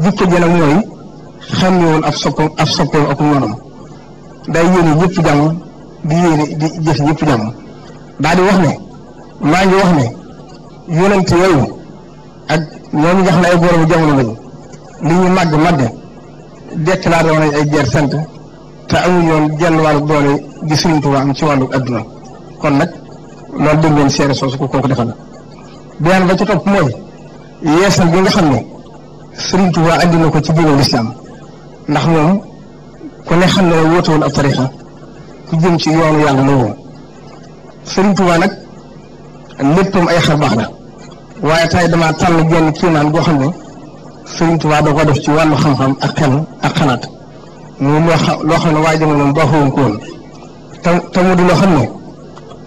[SPEAKER 4] jikko ji nag mooy xam ab woon ab soppam ak noonam day yéene ñëpp jàmm di yéene di jëf ñëpp jàmm wax ne maa ngi wax ne yonent yooyu ak ñoom nga xam ay borom jamono lañu li ñu màgg màgg déclaré woon nañ ay guerre sainte te amuñu woon genn wàllu doole gi Sëriñ Tuubaa am ci wàllu adduna kon nag loolu dem leen seere soosu ko kooku defal beneen ba ci topp mooy yeesal bi nga xam ne Sëriñ Tuubaa andi na ko ci diine lislaam ndax moom kone xam ne woote a ab tarixa ku jëm ci yoonu yàlla la woon nag léppam ay xar baax la waaye tay damaa tànn genn kiimaan goo xam ne Sëriñ Tuubaa da ko def ci wàllu xam-xam ak xel ak xalaat moom loo xam ne waaye jamonoom baaxuwoon ko woon te te di loo xam ne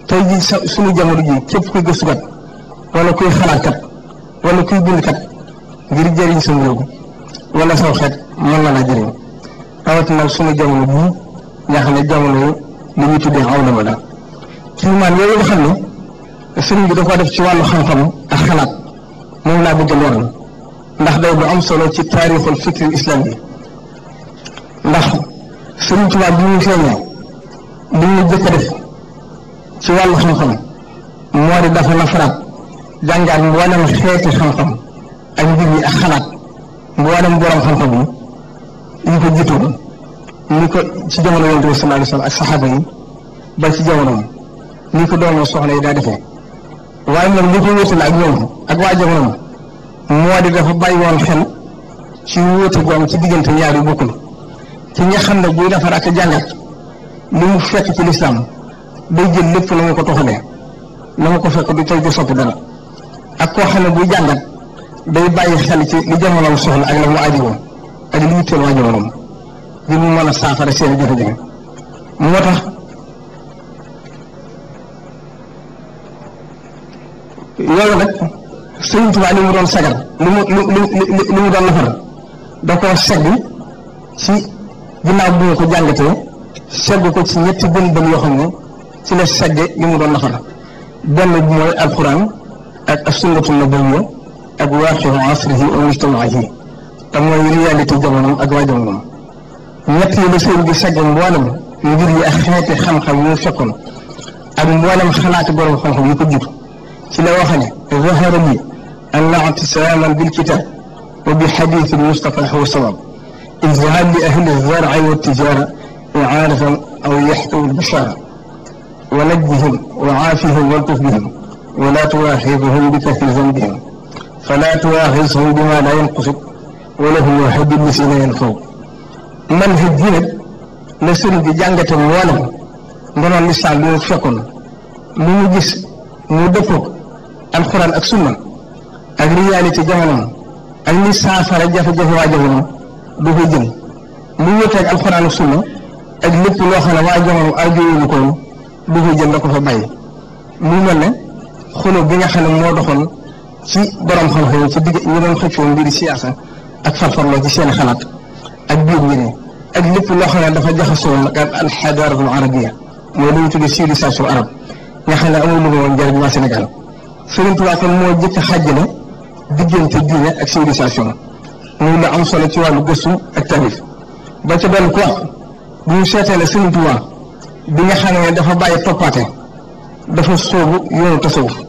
[SPEAKER 4] tey jii sa suñu jamono ji képp kuy gëstukat wala kuy xalaatkat wala kuy bindkat ngir jëriñ sa réew wala saw xeet mën na laa jëriñ rawatina suñu jamono bii nga xam ne jamono li ñu tuddee aw na ma la kiimaan yooyu nga xam def ci wàllu xam-xam moom laa bëgg leeral ndax am solo ci taarixul fikri islam bi ndax sëriñ ci wàllu xam-xam moo di dafa nafaraat jàngaat mboolem xeeti xam-xam ak mbir yi ak xalaat mboolem borom xam-xam yi ñu ko jiitoon ni ko ci jamono yonent bi sallallahu alayhi wasallam ak saxaaba yi ba ci jamonoom ni ko doomu soxna yi daa defee waaye nag li ko wutale ak ñoom ak waa jamonoom moo di dafa bàyyi woon xel ci wóote goom ci diggante ñaar yu bokkul ci nga xam ne buy defar ak jàngat li mu fekk ci lislaam day jël lépp la mu ko toxalee la mu ko fekk du tey du sopp dara ak koo xam ne buy jàngat day bàyyi xel ci li jamonoom soxla ak la mu aajowoo ak li yitteel waa jamonoom mu mën a saafara seen i jafe-jafe moo tax loolu nag Sëriñ Tuubaa li mu doon sagal li mu li li li mu doon nafar da koo segg ci ginnaaw bi nga ko jàngatee segg ko ci ñetti bën bën yoo xam ci la segge li mu doon nafar benn bi mooy alxuraan ak ak sunnatu nabawiyya أقواته عصره أو مجتمعه طمع يريا لتجمعنا أقواجنا نتي مسؤول بسجع موالم مدير أخيات خمخ موشكم أبو موالم خلعت برو خمخ يكجر سلا وخنا ظهر لي أن لعت سلاما بالكتاب وبحديث المصطفى صلى الله لأهل الزرع والتجارة وعارفا أو يحتوي البشارة ولجهم وعافهم والطف بهم ولا تواخذهم بكثير ذنبهم فلا تواخذه بما لا ينقصك وله يحب المسلمين ينفوق man fi ji nag la sëriñ bi jàngate mboolem ndonoon lislaam bi mu fekkoon lu mu gis mu dëppoog alxuraan ak sunna ak réalité jamonoom ak ni saafara jafe-jafe waa jamonoom du koy jëm lu wéteeg alxuraan ak sunna ak lépp loo xam ne waa jamonoom arjowuñu ko du koy jëm fa bàyyi mu mel ne xuloo bi nga moo doxoon si borom xam-xam ci digg ñi doon xëccoo mbiri siyaasa ak farfarloo ci seen xalaat ak biir ñeneen ak lépp loo xam ne dafa jaxasoo al hadar al xadaaratul arabia mooy li ñu tuddee civilisation arab, nga xam ne amul lu woon njëriñ waa Sénégal Sëriñ Tuubaa kon moo jëkk xàjjale diggante diine ak civilisation muy la am solo ci wàllu gëstu ak tarif ba ca doon ko wax bu ñu seetee ne Sëriñ Tuubaa bi nga xam ne dafa bàyyi toppaate dafa sóobu yoonu tasawuf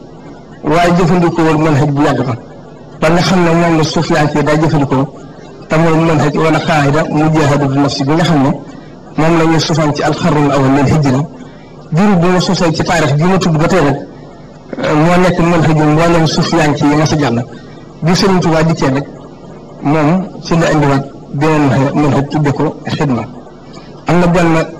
[SPEAKER 4] waaye jëfandikoo wala mën xëj bu yàgg ba ba xam na moom la suuf yaa ngi fi daa jëfandikoo te mooy mën xëj wala xaayida mu jeexadu bi nafsi bi nga xam ne moom la ñu suufaan ci alxarul awal min hijra jur bi ma suufee ci taarix bi ma tudd ba tey rek euh, moo nekk mën xëjul mbooleem suuf yaa ngi ci yi nga sa jàll bi Sëriñ Tuubaa dikkee rek moom ci la indiwaat beneen mën xëj
[SPEAKER 2] ko xidma am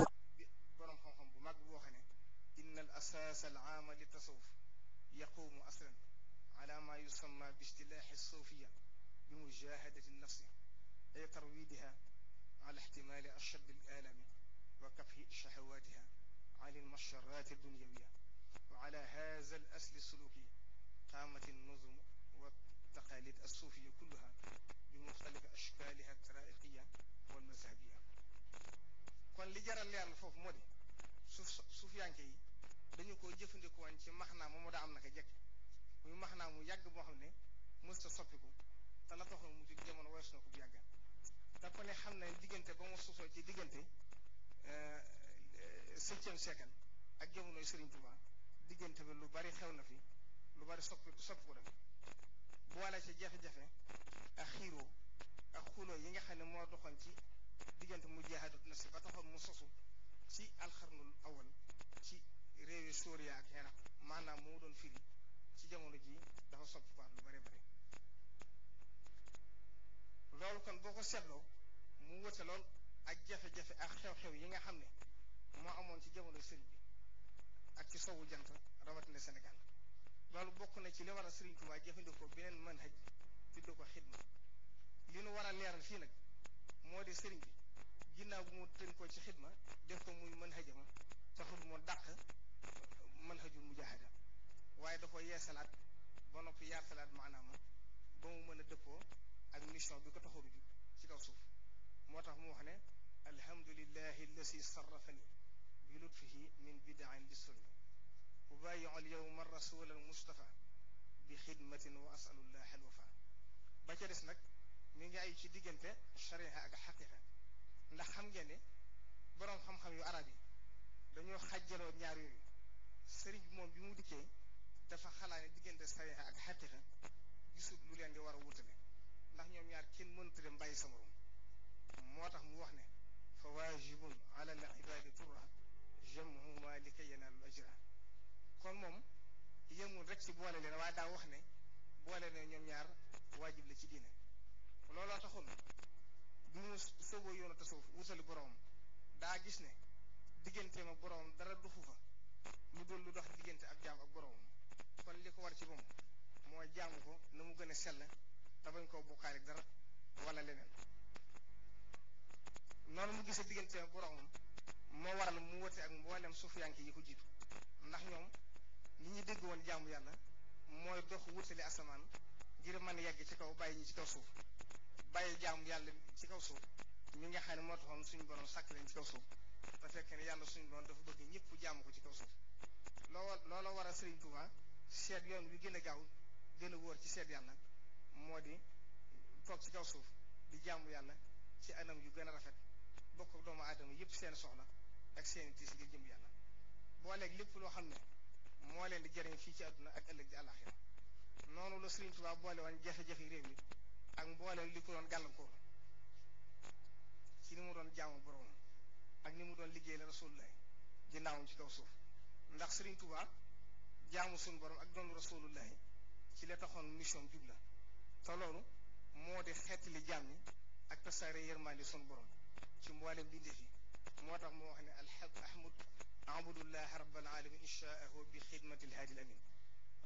[SPEAKER 5] seetloo mu wëte lool ak jafe-jafe ak xew-xew yi nga xam ne moo amoon ci jamono sëriñ bi ak ci sowu jant rawatina Sénégal loolu bokk na ci li war a sëriñ Tuubaa jëfandikoo beneen manhaj tuddee ko xidma li nu war a leeral fii nag moo di sëriñ bi ginnaaw bu mu ko ci xidma def ko muy manhajama taxul moo dàq manhajul mujaahada waaye da ko yeesalaat ba noppi yaar salaat maanaam ba mu mën a dëppoo ak mission bi ko taxaru ju كاو سوف موتاخ مو وخني الحمد لله الذي صرفني بلطفه من بدع للسنه وبايع اليوم الرسول المصطفى بخدمة وأسأل الله الوفاء بكرس نك من جاي شدي جنتة شريها أك حقيقة نخم جنة برام خم خم يو عربي دنيو خجلو نياري سريج مو بيمودي كي تفخلا ندي جنتة شريها أك حقيقة يسوب لولي عندي وارو وطني ndax ñoom ñaar kenn mënta dem bàyyi sa morom moo tax mu wax ne fa waajibun ala al ibadi turra jamhuma li kay yanaalu ajra kon moom yëngul rek ci boole leen waaye daa wax ne boole ne ñoom ñaar waajib la ci diine looloo taxul bi mu sëgoo yoonu tasawuf wutali boroom daa gis ne digganteem ak boroom dara duxu fa mu dul lu dox diggante ak jaam ak boroom kon li ko war ci moom mooy jaamu ko na mu gën a sell te bañ koo bokkaale dara wala leneen noonu mu gisee digganteem boromam moo waral mu woote ak mboolem suufiyanke yi ko jiitu ndax ñoom ni ñuy dégg woon jàmm yàlla mooy dox wutali asamaan ngir mën a yegg ci kaw bàyyi ñi ci kaw suuf bàyyi jaamu yàlla ci kaw suuf ñi nga xam ne moo taxoon suñu borom sàkk leen ci kaw suuf te kenn yàlla suñu borom dafa bëgg ñëpp jàmm ko ci kaw suuf loo looloo waral Sëriñ Tuubaa seet yoon wi gën a gaaw gën a wóor ci seet yàlla moo di toog ci kaw suuf di jàmm yàlla ci anam yu gën a rafet bokk doomu aadama yëpp seen soxla ak seen tiis ngir jëm yàlla booleeg lépp loo xam ne moo leen di jëriñ fii ci àdduna ak ëllëg di àllaaxira noonu la Sëriñ Tuubaa boole woon jafe-jafe réew mi ak mbooleem li ko doon gàllankoor ci ni mu doon jaamu borom ak ni mu doon liggéey la rasulullah ginnaawam ci kaw suuf ndax Sëriñ Tuubaa jaamu suñu borom ak doon rasulullah ci la taxoon mission jub te loolu moo di xeetali jaam ñi ak tasaare yërmande sunu borom ci mboolem bi ndefi moo tax moo wax ne alxaq ahmad abudullah rabbal alamin inshaahu bi xidmati lhaadi amin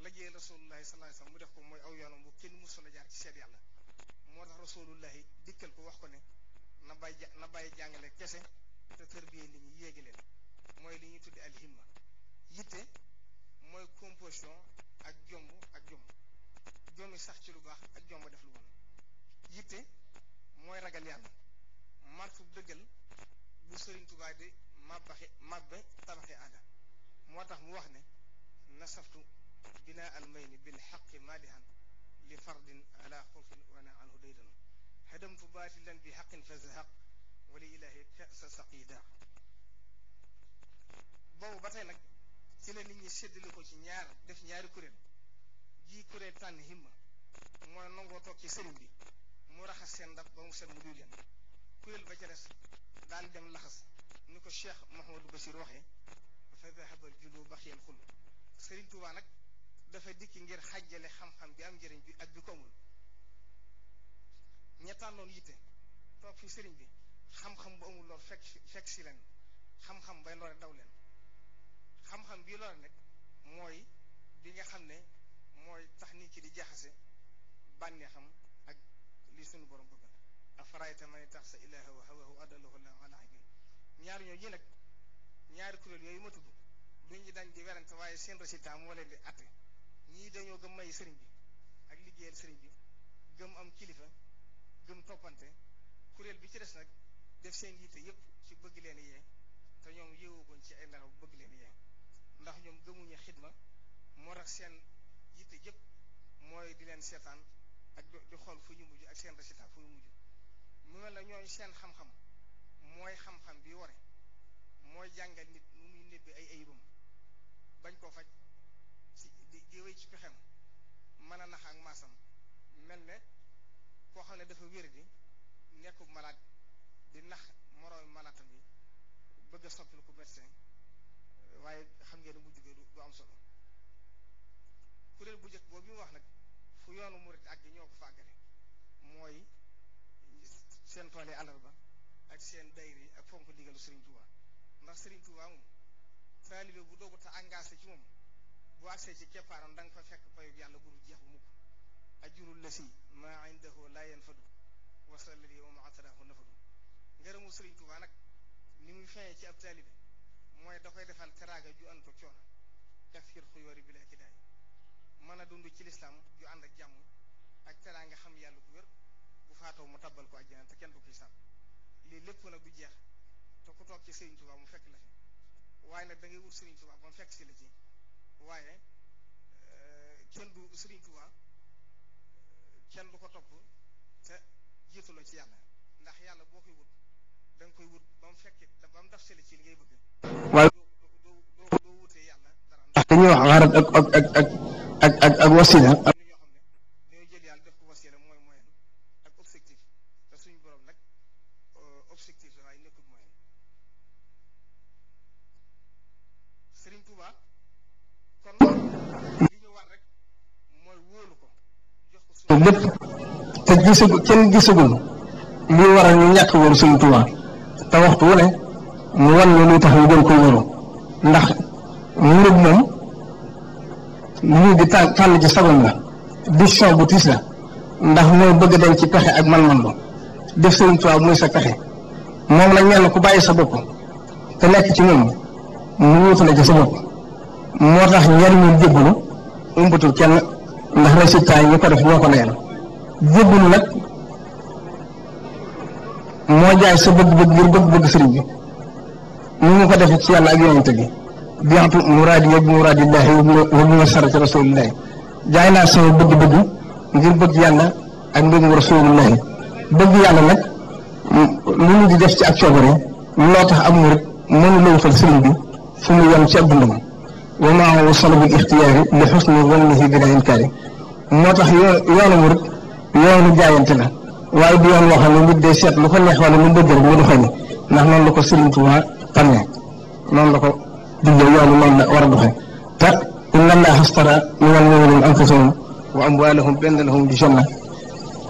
[SPEAKER 5] lajee rasulullahi sallallahu alayhi wasallam mu def ko mooy aw yoonam bu kenn musula jaar ci seet yàlla moo tax rasulullahi dikkal ko wax ko ne na bàyyi ja na bàyyi jàngale kese te tërbiyee nit ñi yéegi leen mooy li ñuy tudde alhimma yitte mooy composition ak jomb ak jomb ak sax ci lu baax ak jomb def lu bon yitte mooy ragal yàlla martu dëggal bu sëriñ Tuubaa di mabbaxi mabbe tabaxi aada moo tax mu wax ne nasaftu binaa almayni bil xaqi madihan li fardin ala xulfin wana anhu daydanu xadamtu baatilan bi xaqin a zahaq wali ilahi kasa saqida boobu ba tey nag ci la nit ñi séddale ko ci ñaar def ñaari kuréel bii kuréel tànn himma mooy nangoo toog ci sëriñ bi mu raxas seen ndax ba mu set mu duy leen kuréel ba ca daal dem laxas ni ko Cheikh Mouhamadou Bachir waxee fa dahaba jullu baxiyal xul sëriñ Tuubaa nag dafa dikk ngir xàjjale xam-xam bi am njëriñ bi ak bi ko amul ña tànnoon yitte toog fi sëriñ bi xam-xam bu amul lool fekk fekk si leen xam-xam bay lore daw leen xam-xam bii lore nag mooy bi nga xam ne mooy tax nii ci di jaxase xam ak li suñu borom bëgg na afarayta man ittaxasa ilaaha wa hawahu adallahu llaahu alaa sabiil ñaar ñooñu nag ñaari kuréel yooyu ma tudd lu ñu dañ di werante waaye seen résultat moo leen di atte ñii dañoo gëm may sëriñ bi ak liggéeyal sëriñ bi gëm am kilifa gëm toppante kuréel bi ci des nag def seen yitte yëpp ci bëgg leen yee te ñoom yéewugoon ci ay nelaw bëgg leen yee ndax ñoom gëmuñu xidma moo tax seen yitte jëpp mooy di leen seetaan ak di xool fu ñu mujj ak seen résultat fu ñu mujj mu mel na ñooñu seen xam-xam mooy xam-xam bi ware mooy jàngal nit mu muy nebbi ay ayibam bañ koo faj ci di di wéy ci pexem mën a nax ak maasam mel ne koo xam ne dafa wér di nekku malaat di nax moroomi malaatam bi bëgg a soppil ku médecin waaye xam ngeen mu mujj du am solo kuréel bu njëkk bobu bi wax nak fu yoonu mourid ak gi ñoo ko fàggale mooy seen tool yi ak sen dayri ak fonk ndigalu Serigne Touba ndax Serigne Touba moom taalibe bu dogu te engagé ci moom bu agsee ci képaram dang fa fekk payob yàlla guru jeex mu mukk ajurul lasi ma indahu la yanfadu wasalli wa ma atarahu nafadu ngërëmu Serigne Touba nak ni muy feeñee ci ab taalibe moy da koy defal teraaga ju antu coono takfir xuyoori bi la ki daay mën a dund ci lislaam yu ànd ak jàmm ak teraa nga xam yàlla bu wér bu faatoo mu tabbal ko àjjana te kenn du koy sàmm lii lépp nag bu jeex te ku toog ci Serigne Touba mu fekk na fi waaye nag da ngay wut Serigne Touba ba si waaye euh, kenn du sëriñ Touba euh, kenn du ko topp te jiitu la ci yàlla ndax yàlla boo koy wut da koy
[SPEAKER 3] wut ba mu fekk da ba mu def si la ci li ngay bëgg. waaye doo doo doo wutee yàlla dara. dañuy wax xaaral ak. ak ak ak wasila ak
[SPEAKER 4] lépp te gisagu kenn gisagul li waral ñu ñàkk woon Sëriñ Tuubaa te waxtu wu ne mu wan lu tax ñu gën ko wóoru ndax murid moom mu di tàn tànn ci sagoom la décision bu tiis la ndax moo bëgg dem ci pexe ak man-man lu def Sëriñ Tuubaa muy sa pexe moom nag ñenn ku bàyyi sa bopp te nekk ci moom mu wutu la ci sa moo tax njëriñu jébbalu umbatul kenn ndax résultat yi ñu ko def ñoo ko neyal jébbalu nag moo jaay sa bëgg-bëgg ngir bëgg-bëgg sëriñ bi ni mu ko def ci yàlla ak yonent bi biatu muraadi yóbbu muraadillahi wa muwasarati rasulillahi jaay naa sama bëgg-bëgg ngir bëgg yàlla ak mbëggum rasulillahi bëgg yàlla nag lu ñu di def ci ak coobare loo tax am murit mënu la waxal sëriñ bi fu mu yem ci ak dundam wa maa salabul ixtiyaari li xusni wannihi bila inkaari moo tax yoonu murit yoonu jaayante la waaye du yoon woo xam ne nit day seet lu ko neex wala lu mu bëgg rek mu doxal ni ndax la ko sëriñ Tuubaa digle yoonu noonu la a doxe te inna allaha ashtara min al-mu'minina anfusahum wa amwaalahum bi anna lahumul janna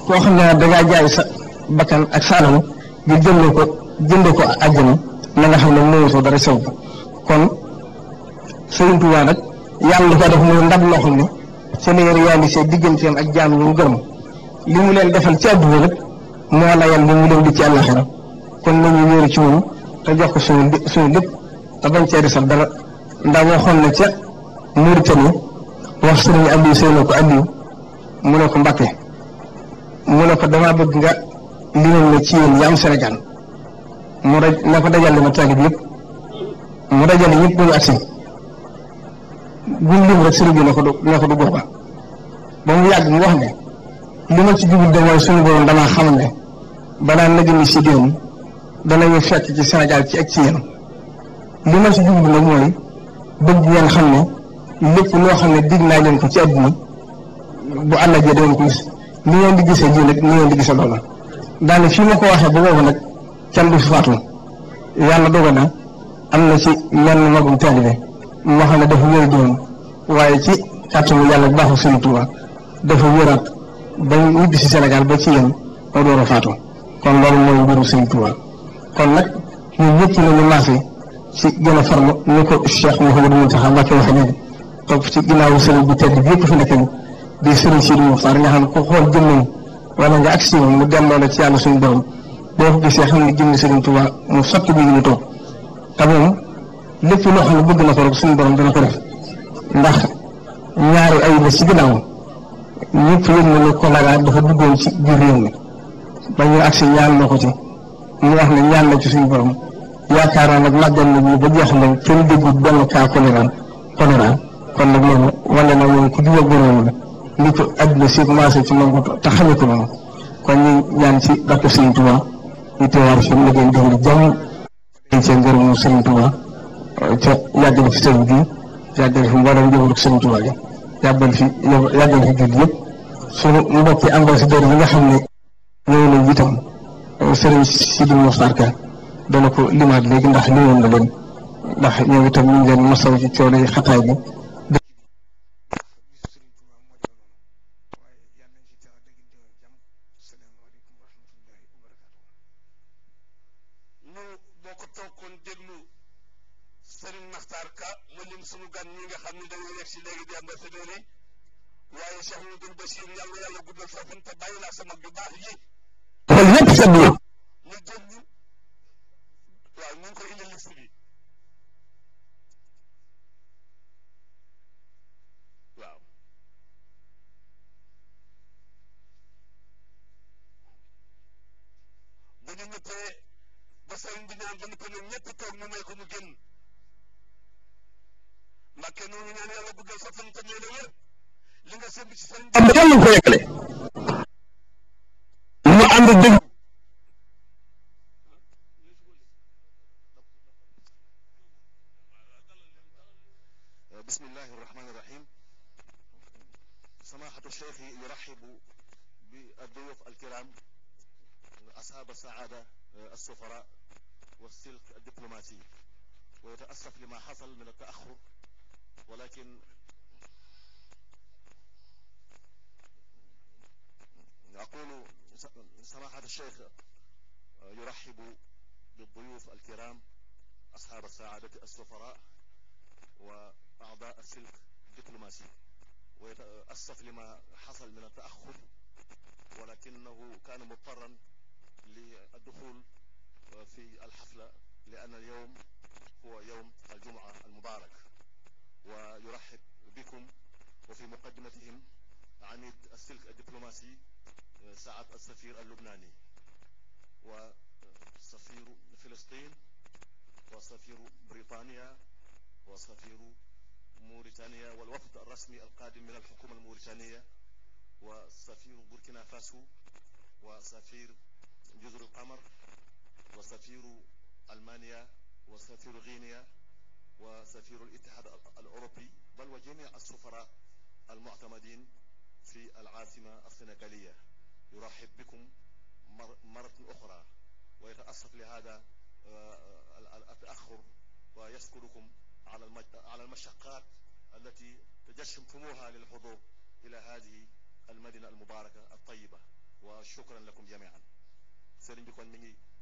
[SPEAKER 4] koo xam ne dangaa jaay sa bakkan ak sa alal ngir ko jëndee ko àjjana na nga xam ne moytoo dara sew kon Sëriñ Tuubaa nag yàlla li ko def mu ndab loo xam ne seen réalisé digganteem ak jaam ñu gërëm li mu leen defal ci àdduna nag moo layal li mu leen di ci kon nañu wéeru ci moom te jox ko suñu suñu lépp te bañ cee desal dara ndax waxoon na ca Mauritanie wax sëriñ Aliou Seyna ko Aliou mu ne ko Mbacke mu ne ko bëgg nga limal na ci yéen yi am Sénégal mu daj na ko dajale ma mu dajale ñëpp ñu agsi buñ lim rek sëriñ bi ne ko du mu wax ne. li ma ci jublu de mooy suñu borom damaa xam ne balaa nag ni si déwén danañu fekk ci Sénégal ci ak ci yéen li ma si jublu nag mooy bëgg ngeen xam ne lépp loo xam ne dig naa leen ko ci àdduna bu àll jee doon ko gis li ngeen di gisee ji nag ni ngeen di gisee loola daane fii ma ko nag kenn du yàlla dogal na am na ci lenn magum taalibe moo xam ne dafa wér waaye ci kàttanu yàlla bu baaxul seen Tuuba dafa wéraat ba ñibbi si Sénégal ba door a faatu kon loolu mooy mbiru seen Tuuba kon nag ñun ñëpp nañu maase ci gën a farlu ni ko Cheikh Mouhamadou Mountakha Mbacké waxee léegi topp ci ginnaawu sëriñ bi tedd bi yëpp fi nekk nii di sëriñ Sidi Mokhtar nga xam ne ku xool jëmmam wala nga agsi moom mu delloo la ci yàlla suñu borom boo ko gisee xam ne jëmmi sëriñ Touba mu sotti bi ñu toog lépp loo xam ne bëgg na ko rek suñu borom dana ko def ndax ñaari ay la ci ginnaaw ñëpp yëg na ne Kodaga dafa duggoon ñaan na ko ci mu wax ne ñaan la ci suñu borom. yaakaaroon nag màggal nañ ñu ba jeexal na kenn déggul benn cas choléra choléra kon nag loolu wane na moom ku jubóo góoroon la li ko si commencé ci moom te xamee ko moom kon ñu ñaan mu liggéey dem di jàmm dañ cee ngërëmu Sëriñ Tuubaa ca yàggal fi sëriñ bi yàggal fi mboolem jëmul Sëriñ Tuubaa fi yàggal fi jullit yëpp suñu mbokki ambassadeur yi nga xam ne ñëw nañ itam sëriñ dana ko limaat léegi ndax limoon na leen ndax ñoom itam ñu ngi leen masaw ci coono yi xataay bi
[SPEAKER 2] lépp sa biir waaw ñu ngi koy indi liste bi waaw bu ñu ñëppee ba sëriñ
[SPEAKER 3] bi ñaan ba ko ñoom ñëpp toog ñu may ko mu génn
[SPEAKER 2] mbàkke noonu ñaan yàlla bëggal sa fan te may la wér li nga sëmb ci sëriñ bi am na
[SPEAKER 6] بسم الله الرحمن الرحيم سماحة الشيخ يرحب بالضيوف الكرام أصحاب السعادة السفراء والسلك الدبلوماسي ويتأسف لما حصل من التأخر ولكن أقول سماحة الشيخ يرحب بالضيوف الكرام أصحاب السعادة السفراء و أعضاء السلك الدبلوماسي ويتأسف لما حصل من التأخر ولكنه كان مضطرا للدخول في الحفلة لأن اليوم هو يوم الجمعة المبارك ويرحب بكم وفي مقدمتهم عميد السلك الدبلوماسي سعد السفير اللبناني وسفير فلسطين وسفير بريطانيا وسفير موريتانيا والوفد الرسمي القادم من الحكومة الموريتانية وسفير بوركينا فاسو وسفير جزر القمر وسفير ألمانيا وسفير غينيا وسفير الاتحاد الأوروبي بل وجميع السفراء المعتمدين في العاصمة السنغالية يرحب بكم مرة أخرى ويتأسف لهذا آه، آه، التأخر ويشكركم على على المشقات التي تجشمتموها للحضور إلى هذه المدينة المباركة الطيبة وشكرا لكم جميعا سلم بكم